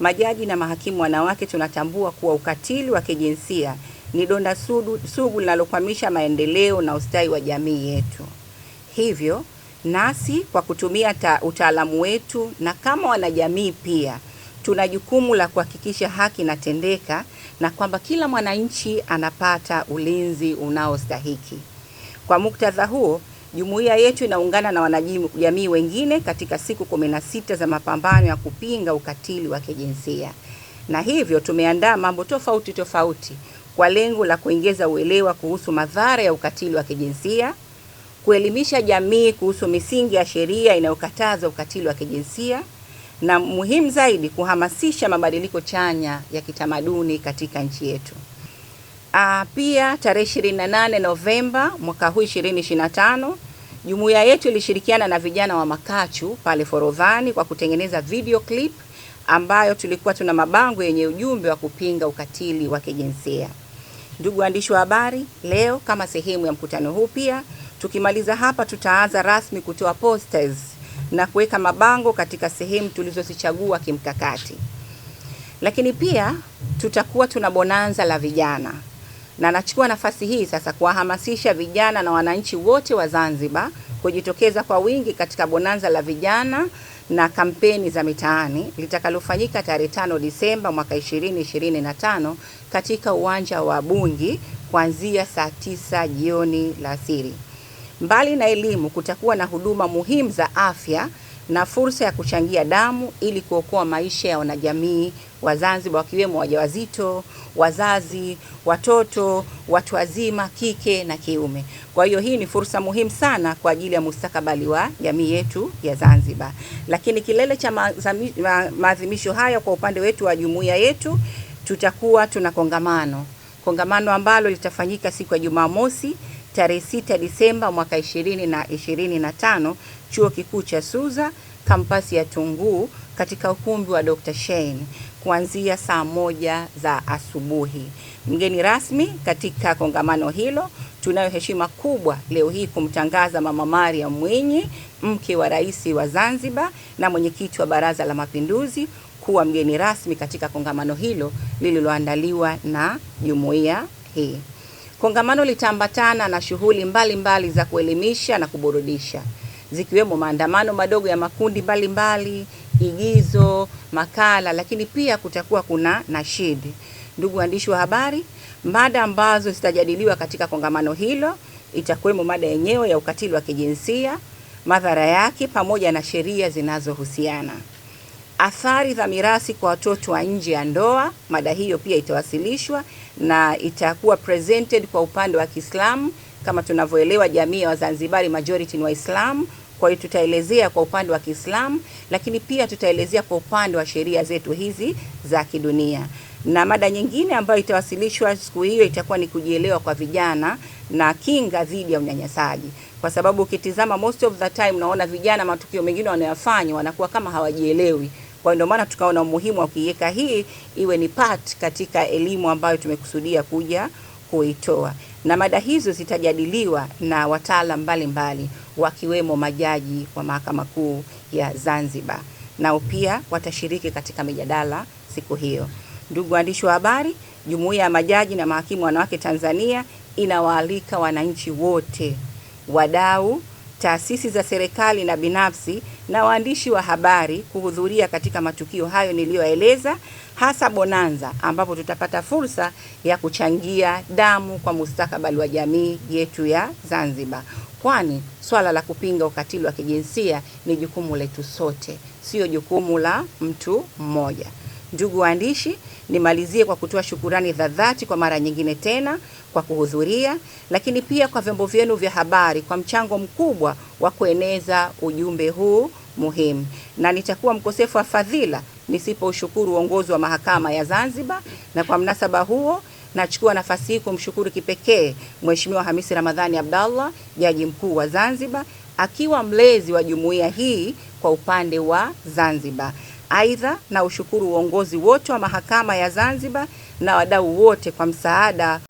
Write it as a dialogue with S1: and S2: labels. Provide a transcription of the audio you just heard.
S1: majaji na mahakimu wanawake, tunatambua kuwa ukatili wa kijinsia ni donda sugu, sugu linalokwamisha maendeleo na ustawi wa jamii yetu. Hivyo nasi kwa kutumia utaalamu wetu na kama wanajamii pia tuna jukumu la kuhakikisha haki inatendeka na kwamba kila mwananchi anapata ulinzi unaostahiki. Kwa muktadha huo Jumuiya yetu inaungana na wanajamii wengine katika siku 16 za mapambano ya kupinga ukatili wa kijinsia, na hivyo tumeandaa mambo tofauti tofauti kwa lengo la kuongeza uelewa kuhusu madhara ya ukatili wa kijinsia, kuelimisha jamii kuhusu misingi ya sheria inayokataza ukatili wa kijinsia na muhimu zaidi, kuhamasisha mabadiliko chanya ya kitamaduni katika nchi yetu. Uh, pia tarehe 28 Novemba mwaka huu 2025 jumuiya yetu ilishirikiana na vijana wa Makachu pale Forodhani kwa kutengeneza video clip ambayo tulikuwa tuna mabango yenye ujumbe wa kupinga ukatili wa kijinsia. Ndugu waandishi wa habari, leo kama sehemu ya mkutano huu pia, tukimaliza hapa, tutaanza rasmi kutoa posters na kuweka mabango katika sehemu tulizozichagua kimkakati, lakini pia tutakuwa tuna bonanza la vijana na nachukua nafasi hii sasa kuwahamasisha vijana na wananchi wote wa Zanzibar kujitokeza kwa wingi katika bonanza la vijana na kampeni za mitaani litakalofanyika tarehe tano Disemba mwaka 2025 katika uwanja wa Bungi kuanzia saa tisa jioni la asiri. Mbali na elimu, kutakuwa na huduma muhimu za afya na fursa ya kuchangia damu ili kuokoa maisha ya wanajamii wa Zanzibar wakiwemo wajawazito, wazazi, watoto, watu wazima kike na kiume. Kwa hiyo hii ni fursa muhimu sana kwa ajili ya mustakabali wa jamii yetu ya Zanzibar. Lakini kilele cha maadhimisho haya kwa upande wetu wa jumuiya yetu tutakuwa tuna kongamano kongamano ambalo litafanyika siku ya Jumamosi tarehe 6 Disemba mwaka 2025 Chuo Kikuu cha Suza kampasi ya Tunguu katika ukumbi wa Dr. Shein kuanzia saa moja za asubuhi. Mgeni rasmi katika kongamano hilo, tunayo heshima kubwa leo hii kumtangaza Mama Maria Mwinyi, mke wa Rais wa Zanzibar na mwenyekiti wa Baraza la Mapinduzi kuwa mgeni rasmi katika kongamano hilo lililoandaliwa na jumuiya hii. Kongamano litaambatana na shughuli mbalimbali za kuelimisha na kuburudisha zikiwemo maandamano madogo ya makundi mbalimbali, igizo, makala, lakini pia kutakuwa kuna nashidi. Ndugu waandishi wa habari, mada ambazo zitajadiliwa katika kongamano hilo itakuwemo mada yenyewe ya ukatili wa kijinsia, madhara yake, pamoja na sheria zinazohusiana athari za mirasi kwa watoto wa nje ya ndoa. Mada hiyo pia itawasilishwa na itakuwa presented kwa upande wa Kiislamu. Kama tunavyoelewa, jamii ya Wazanzibari majority ni Waislamu, kwa hiyo tutaelezea kwa upande wa Kiislamu, lakini pia tutaelezea kwa upande wa sheria zetu hizi za kidunia. Na mada nyingine ambayo itawasilishwa siku hiyo itakuwa ni kujielewa kwa vijana na kinga dhidi ya unyanyasaji, kwa sababu ukitizama most of the time unaona vijana, matukio mengine wanayofanya wanakuwa kama hawajielewi. Kwa hiyo ndio maana tukaona umuhimu wa kuiweka hii iwe ni part katika elimu ambayo tumekusudia kuja kuitoa, na mada hizo zitajadiliwa na wataalam mbalimbali wakiwemo majaji wa Mahakama Kuu ya Zanzibar, nao pia watashiriki katika mijadala siku hiyo. Ndugu waandishi wa habari, Jumuiya ya Majaji na Mahakimu Wanawake Tanzania inawaalika wananchi wote, wadau taasisi za serikali na binafsi na waandishi wa habari kuhudhuria katika matukio hayo niliyoeleza, hasa Bonanza, ambapo tutapata fursa ya kuchangia damu kwa mustakabali wa jamii yetu ya Zanzibar, kwani swala la kupinga ukatili wa kijinsia ni jukumu letu sote, sio jukumu la mtu mmoja. Ndugu waandishi, nimalizie kwa kutoa shukurani za dhati kwa mara nyingine tena kwa kuhudhuria, lakini pia kwa vyombo vyenu vya habari kwa mchango mkubwa wa kueneza ujumbe huu muhimu, na nitakuwa mkosefu wa fadhila nisipoushukuru uongozi wa mahakama ya Zanzibar, na kwa mnasaba huo nachukua nafasi hii kumshukuru kipekee Mheshimiwa Hamisi Ramadhani Abdallah, Jaji Mkuu wa Zanzibar, akiwa mlezi wa jumuiya hii kwa upande wa Zanzibar. Aidha, na ushukuru uongozi wote wa mahakama ya Zanzibar na wadau wote kwa msaada